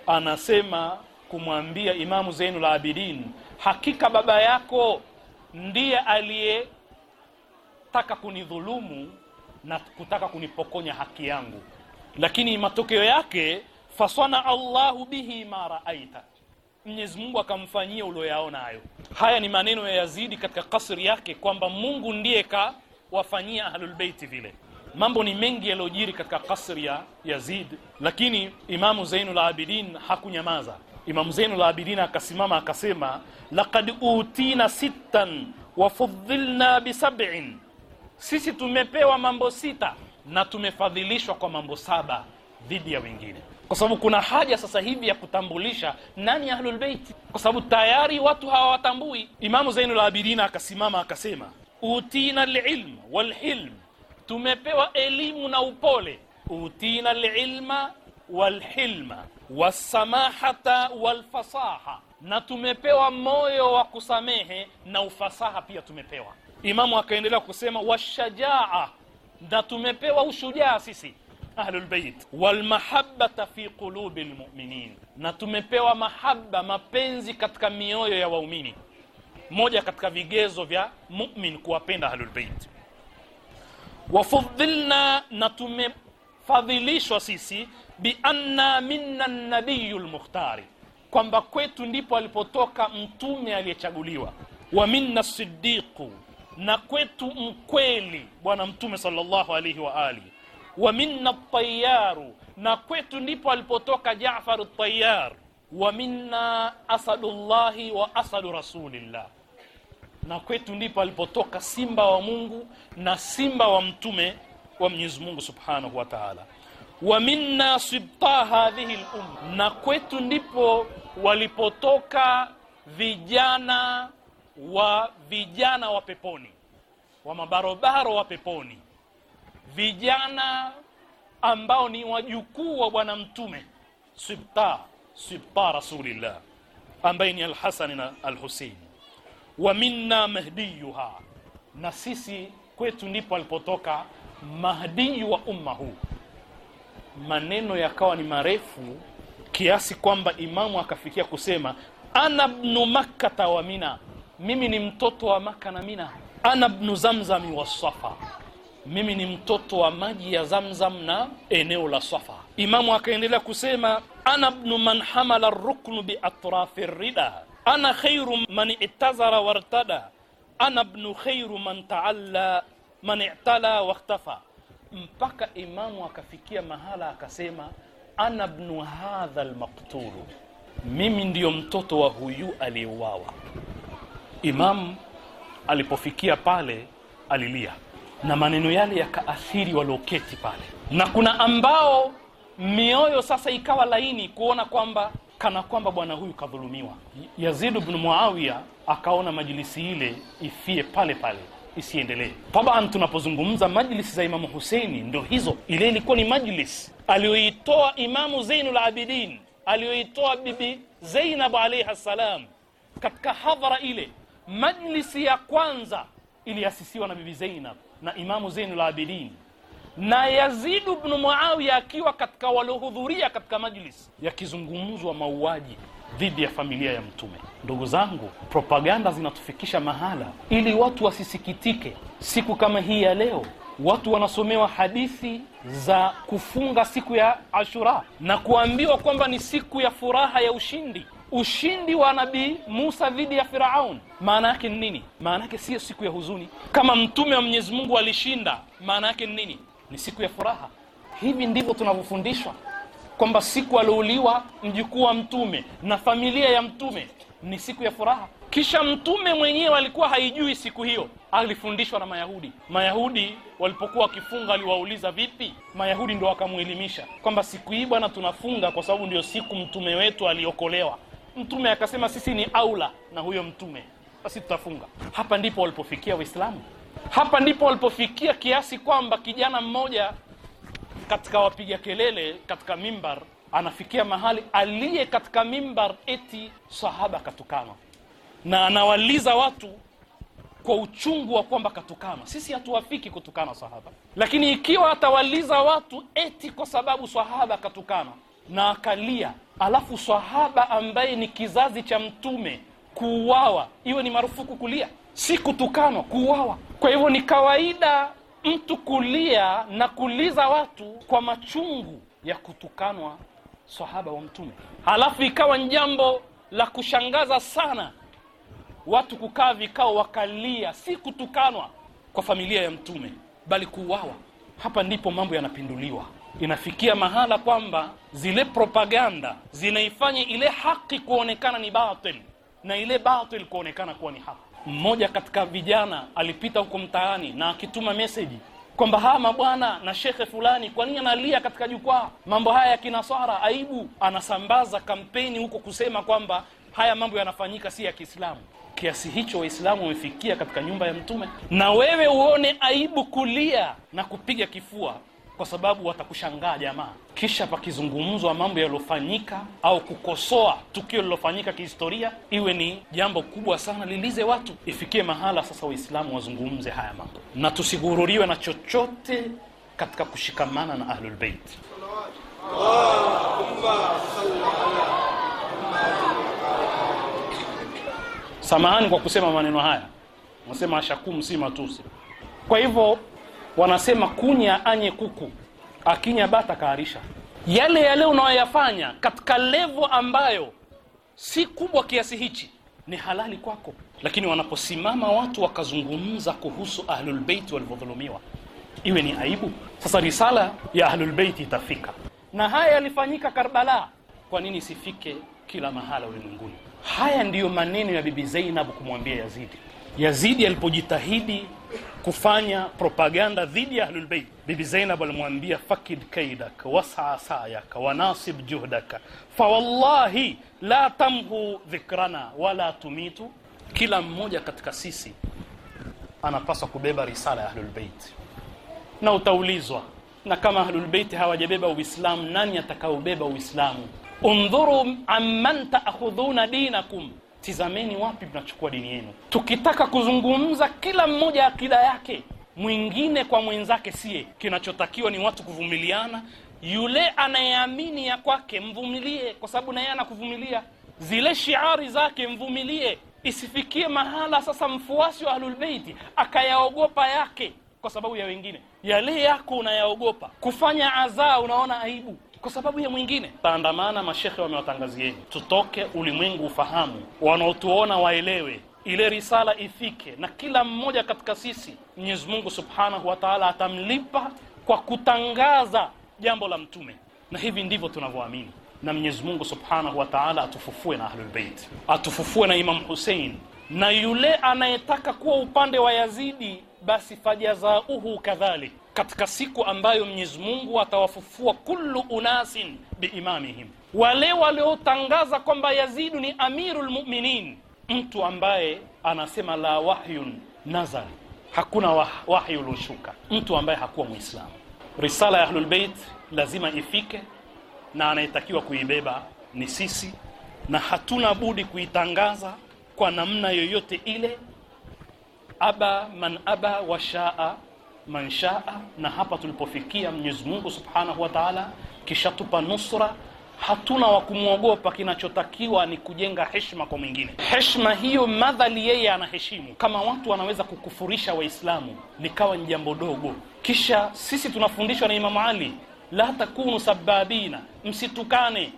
anasema kumwambia Imamu Zainul Abidin, hakika baba yako ndiye aliyetaka kunidhulumu na kutaka kunipokonya haki yangu, lakini matokeo yake fasana Allahu bihi ma raaita, Mwenyezi Mungu akamfanyia ulioyaona hayo. Haya ni maneno ya Yazidi katika kasri yake kwamba Mungu ndiye kawafanyia ahlulbeiti vile. Mambo ni mengi yaliyojiri katika kasri ya Yazid, lakini Imamu Zainul Abidin hakunyamaza. Imamu Zainul Abidin akasimama akasema, lakad utina sittan wa fuddhilna sisi tumepewa mambo sita na tumefadhilishwa kwa mambo saba dhidi ya wengine, kwa sababu kuna haja sasa hivi ya kutambulisha nani ahlulbeiti kwa sababu tayari watu hawawatambui. Imamu Zainul Abidin akasimama akasema, utina lilm walhilm, tumepewa elimu na upole. Utina lilma walhilma wasamahata walfasaha, na tumepewa moyo wa kusamehe na ufasaha pia tumepewa. Imamu akaendelea kusema washajaa, na tumepewa ushujaa sisi ahlulbeit, walmahabata fi qulubi lmuminin, na tumepewa mahaba, mapenzi katika mioyo ya waumini. Moja katika vigezo vya mumin kuwapenda ahlulbeit. Wafudhilna, na tume tumefadhilishwa sisi bianna minna nabiyu lmukhtari kwamba kwetu ndipo alipotoka mtume aliyechaguliwa wa minna sidiqu na kwetu mkweli bwana mtume sallallahu alaihi wa alihi wa minna tayaru na kwetu ndipo alipotoka Jaafar Tayyar wa minna llahi wa asadu rasulillah na kwetu ndipo alipotoka simba wa Mungu na simba wa mtume wa Mwenyezi Mungu Subhanahu wa Ta'ala. Wa minna sibta hadhihi al umm na kwetu ndipo walipotoka vijana wa vijana wa peponi, wa mabarobaro wa peponi, vijana ambao ni wajukuu wa Bwana Mtume sibta sibta Rasulillah, ambaye ni al-Hasan na al-Husein. Wa minna mahdiyuha, na sisi kwetu ndipo alipotoka mahdii wa umma huu. Maneno yakawa ni marefu kiasi kwamba imamu akafikia kusema ana bnu makkata wa mina, mimi ni mtoto wa Maka na Mina. Ana bnu zamzami wa Safa, mimi ni mtoto wa maji ya Zamzam na eneo la Safa. Imamu akaendelea kusema ana bnu man hamala ruknu biatrafi rida ana khairu man itazara wartada ana bnu khairu man taalla man i'tala wakhtafa mpaka imamu akafikia mahala akasema ana ibn hadha lmaktulu mimi ndiyo mtoto wa huyu aliyeuawa imamu alipofikia pale alilia na maneno yale yakaathiri walioketi pale na kuna ambao mioyo sasa ikawa laini kuona kwamba kana kwamba bwana huyu kadhulumiwa yazid bnu muawiya akaona majilisi ile ifie pale pale isiendelee. Taban, tunapozungumza majlisi za Imamu Huseini ndo hizo, ile ilikuwa ni majlisi aliyoitoa Imamu Zainul Abidin, aliyoitoa Bibi zeinab alaihi ssalam katika hadhara ile. Majlisi ya kwanza iliasisiwa na Bibi zeinab na Imamu Zainul Abidin na Yazidu bnu Muawiya akiwa katika waliohudhuria katika majlis, yakizungumzwa mauaji dhidi ya familia ya Mtume. Ndugu zangu, propaganda zinatufikisha mahala, ili watu wasisikitike. Siku kama hii ya leo watu wanasomewa hadithi za kufunga siku ya Ashura na kuambiwa kwamba ni siku ya furaha ya ushindi, ushindi wa Nabii Musa dhidi ya Firaun. Maana yake ni nini? Maana yake siyo siku ya huzuni. Kama mtume wa Mwenyezi Mungu alishinda, maana yake ni nini? Ni siku ya furaha. Hivi ndivyo tunavyofundishwa kwamba siku aliouliwa mjukuu wa mtume na familia ya mtume ni siku ya furaha. Kisha mtume mwenyewe alikuwa haijui siku hiyo, alifundishwa na Mayahudi. Mayahudi walipokuwa wakifunga aliwauliza vipi, Mayahudi ndo wakamwelimisha kwamba siku hii bwana, tunafunga kwa sababu ndio siku mtume wetu aliokolewa. Mtume akasema sisi ni aula na huyo mtume, basi tutafunga. Hapa ndipo walipofikia Waislamu, hapa ndipo walipofikia kiasi kwamba kijana mmoja katika wapiga kelele katika mimbar, anafikia mahali aliye katika mimbar eti sahaba katukanwa na anawaliza watu kwa uchungu wa kwamba katukanwa Sisi hatuwafiki kutukana sahaba, lakini ikiwa atawaliza watu eti kwa sababu sahaba katukana na akalia, alafu sahaba ambaye ni kizazi cha Mtume kuuawa, iwe ni marufuku kulia, si kutukanwa, kuuawa. Kwa hivyo ni kawaida mtu kulia na kuliza watu kwa machungu ya kutukanwa sahaba wa Mtume. Halafu ikawa ni jambo la kushangaza sana watu kukaa vikao wakalia, si kutukanwa kwa familia ya Mtume, bali kuuawa. Hapa ndipo mambo yanapinduliwa, inafikia mahala kwamba zile propaganda zinaifanya ile haki kuonekana ni batil na ile batil kuonekana kuwa ni haki mmoja katika vijana alipita huko mtaani na akituma meseji kwamba haya mabwana na shekhe fulani, kwa nini analia katika jukwaa mambo haya ya kinaswara? Aibu. Anasambaza kampeni huko kusema kwamba haya mambo yanafanyika si ya Kiislamu. Kiasi hicho Waislamu wamefikia katika nyumba ya Mtume, na wewe uone aibu kulia na kupiga kifua kwa sababu watakushangaa jamaa. Kisha pakizungumzwa mambo yaliyofanyika au kukosoa tukio lililofanyika kihistoria, iwe ni jambo kubwa sana, lilize watu, ifikie mahala sasa Waislamu wazungumze haya mambo, na tusighururiwe na chochote katika kushikamana na Ahlulbeit. Samahani kwa kusema maneno haya, nasema ashakum si matusi. Kwa hivyo wanasema kunya anye kuku akinya bata kaarisha. Yale yale unayoyafanya katika levo ambayo si kubwa kiasi hichi ni halali kwako, lakini wanaposimama watu wakazungumza kuhusu ahlulbeiti walivyodhulumiwa, iwe ni aibu. Sasa risala ya ahlulbeiti itafika, na haya yalifanyika Karbala, kwa nini isifike kila mahala ulimwenguni? Haya ndiyo maneno ya Bibi Zainab kumwambia Yazidi. Yazidi alipojitahidi kufanya propaganda dhidi ya Ahlul Bayt. Bibi Zainab alimwambia fakid kaidak wasaa sayaka wanasib juhdaka fawallahi la tamhu dhikrana wala tumitu. Kila mmoja katika sisi anapaswa kubeba risala ya Ahlul Bayt, na utaulizwa na kama Ahlul Bayt hawajabeba Uislamu, nani atakaobeba Uislamu? Undhuru amman taakhudhuna dinakum tizameni wapi mnachukua dini yenu. Tukitaka kuzungumza kila mmoja akida yake mwingine kwa mwenzake siye, kinachotakiwa ni watu kuvumiliana. Yule anayeamini ya kwake mvumilie, kwa sababu na yeye anakuvumilia. Zile shiari zake mvumilie, isifikie mahala sasa mfuasi wa Ahlulbeiti akayaogopa yake kwa sababu ya wengine. Yale yako unayaogopa kufanya, adhaa unaona aibu kwa sababu ya mwingine. Taandamana, mashekhe wamewatangazieni, tutoke ulimwengu ufahamu, wanaotuona waelewe ile risala ifike, na kila mmoja katika sisi Mwenyezi Mungu Subhanahu wa Ta'ala atamlipa kwa kutangaza jambo la Mtume, na hivi ndivyo tunavyoamini. Na Mwenyezi Mungu Subhanahu wa Ta'ala atufufue na Ahlulbeit, atufufue na Imam husein na yule anayetaka kuwa upande wa Yazidi, basi fajazauhu kadhalik katika siku ambayo Mwenyezi Mungu atawafufua kullu unasin biimamihim, wale waliotangaza kwamba Yazidu ni amirul mu'minin, mtu ambaye anasema la wahyun nazari, hakuna wah, wahyi ulioshuka, mtu ambaye hakuwa Muislamu. Risala ya Ahlul Bait lazima ifike, na anayetakiwa kuibeba ni sisi, na hatuna budi kuitangaza kwa namna yoyote ile, aba man aba washaa manshaa. Na hapa tulipofikia, Mwenyezi Mungu Subhanahu wa Ta'ala kishatupa nusra, hatuna wa kumwogopa. Kinachotakiwa ni kujenga heshima kwa mwingine. Heshima hiyo madhali yeye anaheshimu. Kama watu wanaweza kukufurisha Waislamu likawa ni jambo dogo, kisha sisi tunafundishwa na Imamu Ali, la takunu sababina, msitukane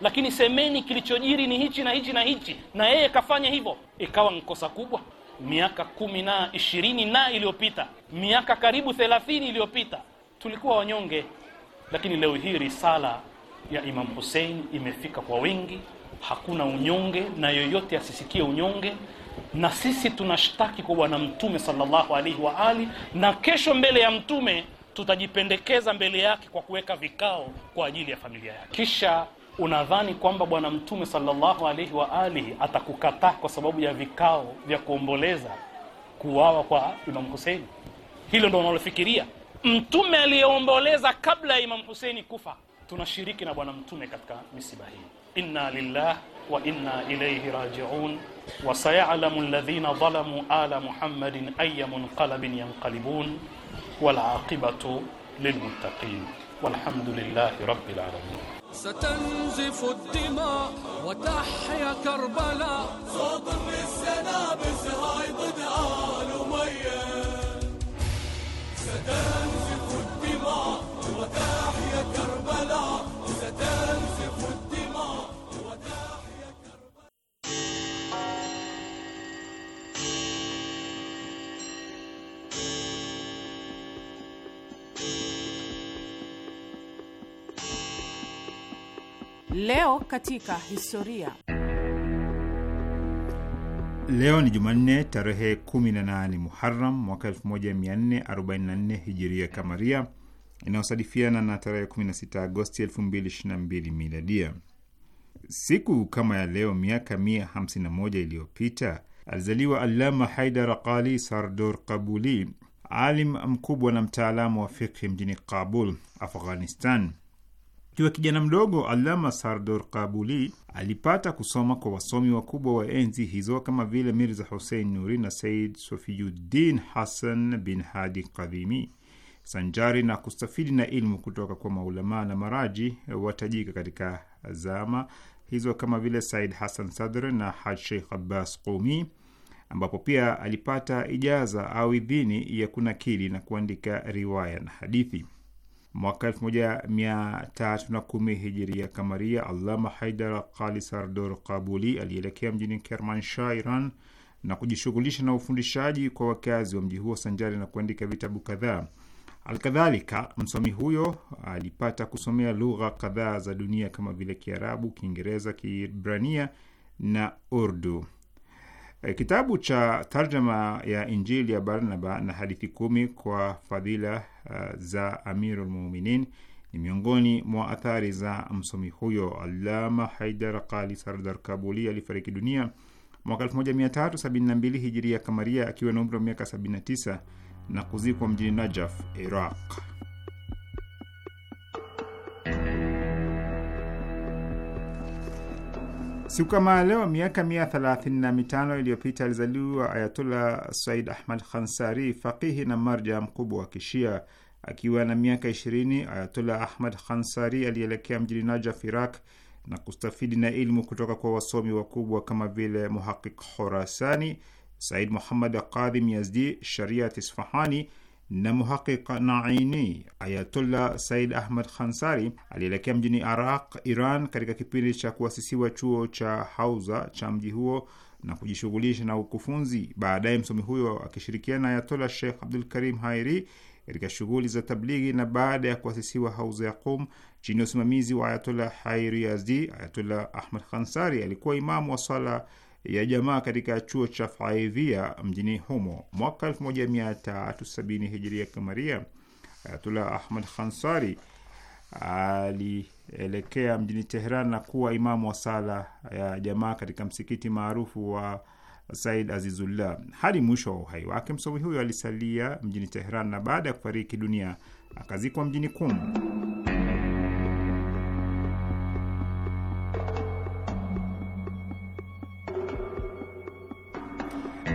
lakini semeni kilichojiri ni hichi na hichi na hichi, na yeye kafanya hivyo, ikawa nkosa kubwa miaka kumi na ishirini na iliyopita, miaka karibu thelathini iliyopita tulikuwa wanyonge, lakini leo hii risala ya Imam husein imefika kwa wingi Hakuna unyonge na yoyote asisikie unyonge, na sisi tunashtaki kwa Bwana Mtume sallallahu alaihi wa ali, na kesho mbele ya Mtume tutajipendekeza mbele yake kwa kuweka vikao kwa ajili ya familia yake kisha unadhani kwamba Bwana Mtume sallallahu alaihi wa alihi atakukataa kwa sababu ya vikao vya kuomboleza kuuawa kwa Imam Huseini? Hilo ndo unalofikiria? Mtume aliyeomboleza kabla ya Imam Huseini kufa. Tunashiriki na Bwana Mtume katika misiba hii, inna lillah wa inna ilayhi rajiun wa sayalamu alladhina zalamu ala muhammadin aya munqalabin yanqalibun wal aqibatu lilmuttaqin walhamdulillahi rabbil alamin. ستنزف الدماء وتحيا كربلاء صوت من السنابس هاي ضد آل أمية ستنزف الدماء وتحيا كربلاء ستنزف Leo katika historia. Leo ni Jumanne tarehe 18 muharam mwaka 1444 hijiria kamaria inayosadifiana na tarehe 16 Agosti 2022 miladia. Siku kama ya leo miaka 151 iliyopita alizaliwa Allama Haidar Qali Sardor Kabuli, alim mkubwa na mtaalamu wa fikhi mjini Kabul, Afghanistan. Akiwa kijana mdogo, alama Sardor Kabuli alipata kusoma kwa wasomi wakubwa wa enzi hizo kama vile Mirza husein Nuri na Said Sofiyuddin Hassan bin Hadi Kadhimi, sanjari na kustafidi na ilmu kutoka kwa maulamaa na maraji watajika katika zama hizo kama vile Said Hassan Sadr na Haj Sheikh Abbas Qumi, ambapo pia alipata ijaza au idhini ya kunakili na kuandika riwaya na hadithi mwaka 1310 hijiria kamaria, Allama Haidar Kali Sardor Kabuli alielekea mjini Kermanshah, Iran na kujishughulisha na ufundishaji kwa wakazi wa mji huo sanjari na kuandika vitabu kadhaa. Alkadhalika, msomi huyo alipata kusomea lugha kadhaa za dunia kama vile Kiarabu, Kiingereza, Kiibrania na Urdu. E, kitabu cha tarjama ya Injili ya Barnaba na hadithi kumi kwa fadhila Uh, za Amirul Muminin ni miongoni mwa athari za msomi huyo. alama Haidar Qali Sardar Kabuli alifariki dunia mwaka 1372 hijiria kamaria akiwa na umri wa miaka 79 na kuzikwa mjini Najaf, Iraq. Siku kama leo miaka mia thelathini na mitano iliyopita alizaliwa Ayatullah Said Ahmad Khansari, faqihi na marja mkubwa wa Kishia. Akiwa na miaka ishirini, Ayatullah Ahmad Khansari alielekea mjini Najaf, Iraq, na kustafidi na ilmu kutoka kwa wasomi wakubwa kama vile Muhaqiq Khorasani, Said Muhammad Qadhim Yazdi, Shariat Isfahani na muhaqiq Naini ayatollah Said Ahmad Khansari alielekea mjini Araq, Iran, katika kipindi cha kuasisiwa chuo cha Hauza cha mji huo na kujishughulisha na ukufunzi. Baadaye msomi huyo akishirikiana na Ayatollah Sheikh Abdul Karim Hairi katika shughuli za tablighi. Na baada ya kuasisiwa Hauza ya Qum chini ya usimamizi wa Ayatollah Hairi Yazdi, Ayatollah Ahmad Khansari alikuwa imamu wa swala ya jamaa katika chuo cha Faidhia mjini humo mwaka 1370 hijiria kamaria. Ayatullah Ahmad Khansari alielekea mjini Teheran na kuwa imamu wa sala ya jamaa katika msikiti maarufu wa Said Azizullah hadi mwisho wa uhai wake. Msomi huyo alisalia mjini Teheran na baada ya kufariki dunia akazikwa mjini kumu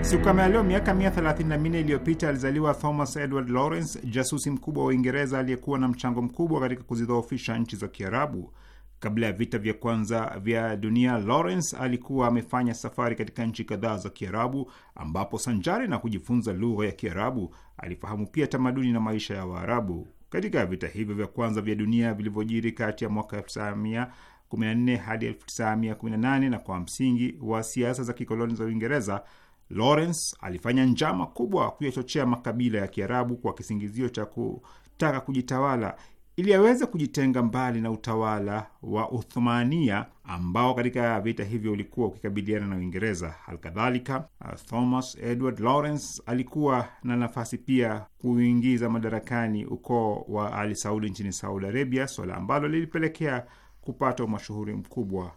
Siku kama ya leo miaka 134 iliyopita alizaliwa Thomas Edward Lawrence, jasusi mkubwa wa Uingereza aliyekuwa na mchango mkubwa katika kuzidhoofisha nchi za Kiarabu. Kabla ya vita vya kwanza vya dunia, Lawrence alikuwa amefanya safari katika nchi kadhaa za Kiarabu, ambapo sanjari na kujifunza lugha ya Kiarabu alifahamu pia tamaduni na maisha ya Waarabu. Katika vita hivyo vya kwanza vya dunia vilivyojiri kati ya mwaka 1914 hadi 1918 na kwa msingi wa siasa za kikoloni za Uingereza Lawrence alifanya njama kubwa kuyachochea makabila ya Kiarabu kwa kisingizio cha kutaka kujitawala ili aweze kujitenga mbali na utawala wa Uthmania ambao katika vita hivyo ulikuwa ukikabiliana na Uingereza. Halikadhalika, uh, Thomas Edward Lawrence alikuwa na nafasi pia kuingiza madarakani ukoo wa Ali Saudi nchini Saudi Arabia, suala ambalo lilipelekea kupata umashuhuri mkubwa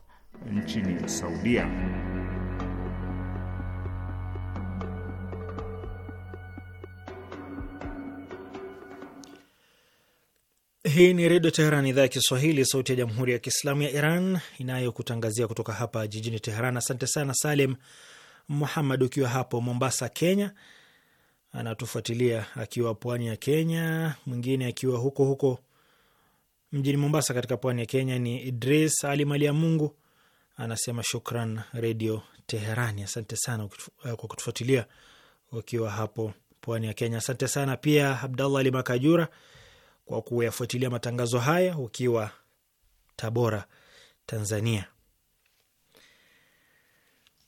nchini Saudia. Hii ni Redio Teheran, idhaa ya Kiswahili, sauti ya Jamhuri ya Kiislamu ya Iran inayokutangazia kutoka hapa jijini Teheran. Asante sana salim Muhammad ukiwa hapo Mombasa, Kenya, anatufuatilia akiwa pwani ya Kenya. Mwingine akiwa huko huko mjini Mombasa, katika pwani ya Kenya ni Idris Ali Mali ya Mungu, anasema shukran Redio Teherani. Asante sana eh, kwa kutufuatilia ukiwa hapo pwani ya Kenya. Asante sana pia Abdallah Ali Makajura kwa kuyafuatilia matangazo haya ukiwa Tabora, Tanzania.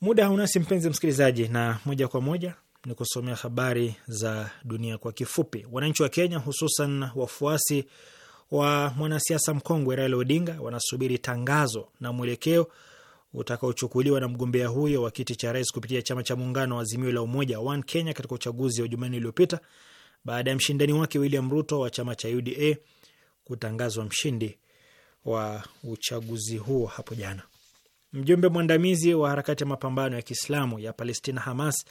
Muda haunasi mpenzi msikilizaji, na moja kwa moja ni kusomea habari za dunia kwa kifupi. Wananchi wa Kenya, hususan wafuasi wa mwanasiasa mkongwe Raila Odinga, wanasubiri tangazo na mwelekeo utakaochukuliwa na mgombea huyo wa kiti cha rais kupitia chama cha muungano wa Azimio la Umoja One Kenya katika uchaguzi wa Jumanne iliyopita baada ya mshindani wake William Ruto wa chama cha UDA kutangazwa mshindi wa uchaguzi huo hapo jana. Mjumbe mwandamizi wa harakati ya mapambano ya Kiislamu ya Palestina, Hamas,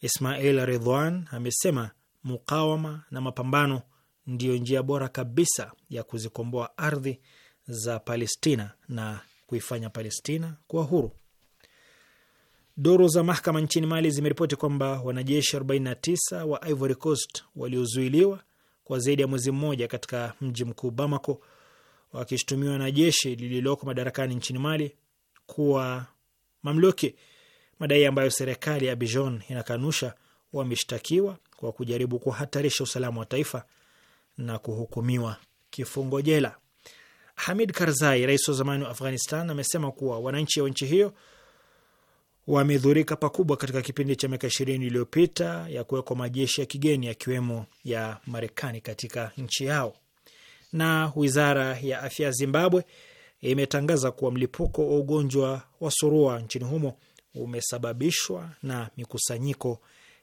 Ismail Ridwan amesema mukawama na mapambano ndiyo njia bora kabisa ya kuzikomboa ardhi za Palestina na kuifanya Palestina kuwa huru doro za mahakama nchini Mali zimeripoti kwamba wanajeshi 49 wa Ivory Coast waliozuiliwa kwa zaidi ya mwezi mmoja katika mji mkuu Bamako wakishutumiwa na jeshi lililoko madarakani nchini Mali kuwa mamluki, madai ambayo serikali ya Abidjan inakanusha. Wameshtakiwa kwa kujaribu kuhatarisha usalama wa taifa na kuhukumiwa kifungo jela. Hamid Karzai, rais wa zamani wa Afghanistan, amesema kuwa wananchi wa nchi hiyo wamedhurika pakubwa katika kipindi cha miaka ishirini iliyopita ya kuwekwa majeshi ya kigeni yakiwemo ya Marekani katika nchi yao. Na wizara ya afya ya Zimbabwe imetangaza kuwa mlipuko wa ugonjwa wa surua nchini humo umesababishwa na mikusanyiko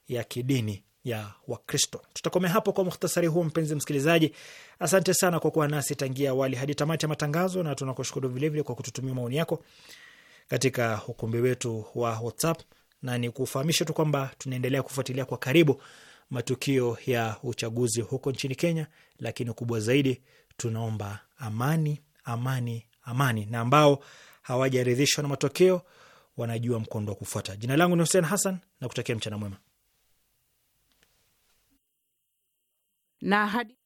ya kidini ya Wakristo. Tutakomea hapo kwa muhtasari huo, mpenzi msikilizaji. Asante sana kwa kuwa nasi tangia awali hadi tamati ya matangazo, na tunakushukuru vilevile kwa kututumia maoni yako katika ukumbi wetu wa WhatsApp, na ni kufahamisha tu kwamba tunaendelea kufuatilia kwa karibu matukio ya uchaguzi huko nchini Kenya, lakini kubwa zaidi tunaomba amani, amani, amani, na ambao hawajaridhishwa na matokeo wanajua mkondo wa kufuata. Jina langu ni Hussein Hassan na kutakia mchana mwema na hadi